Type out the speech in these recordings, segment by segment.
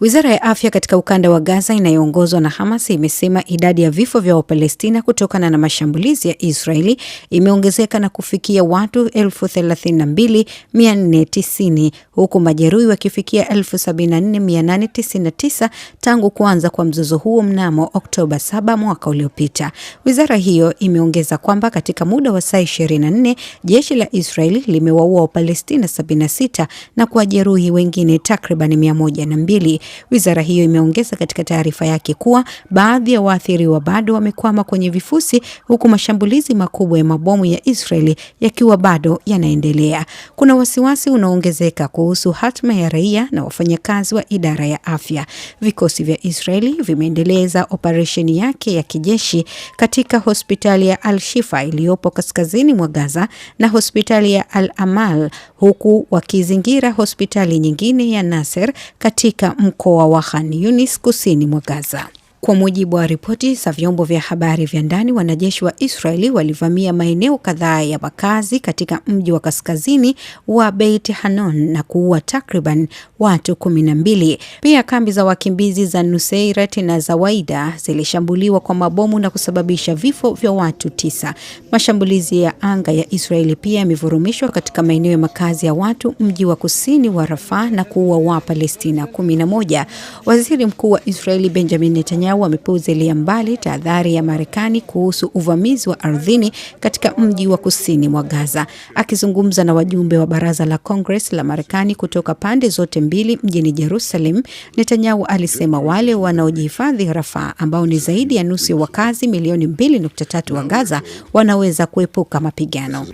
Wizara ya afya katika ukanda wa Gaza inayoongozwa na Hamas imesema idadi ya vifo vya Wapalestina kutokana na mashambulizi ya Israeli imeongezeka na kufikia watu 32490 huku majeruhi wakifikia 74899 tangu kuanza kwa mzozo huo mnamo Oktoba 7 mwaka uliopita. Wizara hiyo imeongeza kwamba katika muda wa saa 24 jeshi la Israeli limewaua Wapalestina 76 na kuwajeruhi wengine takriban 102 Wizara hiyo imeongeza katika taarifa yake kuwa baadhi ya waathiriwa bado wamekwama kwenye vifusi, huku mashambulizi makubwa ya mabomu ya Israeli yakiwa bado yanaendelea. Kuna wasiwasi unaoongezeka kuhusu hatma ya raia na wafanyakazi wa idara ya afya. Vikosi vya Israeli vimeendeleza operesheni yake ya kijeshi katika hospitali ya Al Shifa iliyopo kaskazini mwa Gaza na hospitali ya Al Amal, huku wakizingira hospitali nyingine ya Nasser katika mkoa wa Khan Yunis kusini mwa Gaza. Kwa mujibu wa ripoti za vyombo vya habari vya ndani, wanajeshi wa Israeli walivamia maeneo kadhaa ya makazi katika mji wa kaskazini wa Beit Hanon na kuua takriban watu kumi na mbili. Pia kambi za wakimbizi za Nuseirat na Zawaida zilishambuliwa kwa mabomu na kusababisha vifo vya watu tisa. Mashambulizi ya anga ya Israeli pia yamevurumishwa katika maeneo ya makazi ya watu mji wa kusini wa Rafah na kuua Wapalestina moja Waziri Mkuu wa Israeli Benjamin Netanyahu wadau wamepuuzilia mbali tahadhari ya Marekani kuhusu uvamizi wa ardhini katika mji wa kusini mwa Gaza. Akizungumza na wajumbe wa baraza la Congress la Marekani kutoka pande zote mbili mjini Jerusalem, Netanyahu alisema wale wanaojihifadhi Rafaa, ambao ni zaidi ya nusu ya wakazi milioni 2.3 wa Gaza, wanaweza kuepuka mapigano.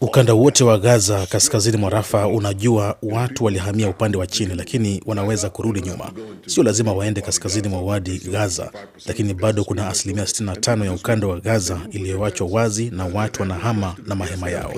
Ukanda wote wa Gaza kaskazini mwa Rafa, unajua watu walihamia upande wa chini, lakini wanaweza kurudi nyuma. Sio lazima waende kaskazini mwa wadi Gaza, lakini bado kuna asilimia 65 ya ukanda wa Gaza iliyoachwa wazi na watu wanahama na mahema yao.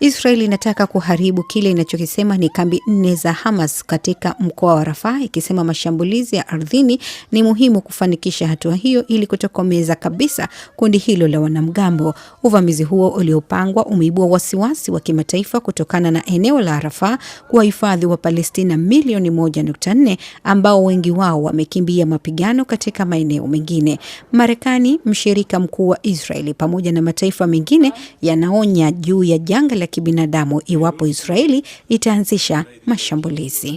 Israel inataka kuharibu kile inachokisema ni kambi nne za Hamas katika mkoa wa Rafah, ikisema mashambulizi ya ardhini ni muhimu kufanikisha hatua hiyo ili kutokomeza kabisa kundi hilo la wanamgambo. Uvamizi huo uliopangwa umeibua wasiwasi wa kimataifa kutokana na eneo la Rafah kuwa hifadhi wa Palestina milioni 1.4 ambao wengi wao wamekimbia mapigano katika maeneo mengine. Marekani, mshirika mkuu wa Israeli, pamoja na mataifa mengine yanaonya juu ya janga la ya kibinadamu iwapo Israeli itaanzisha mashambulizi.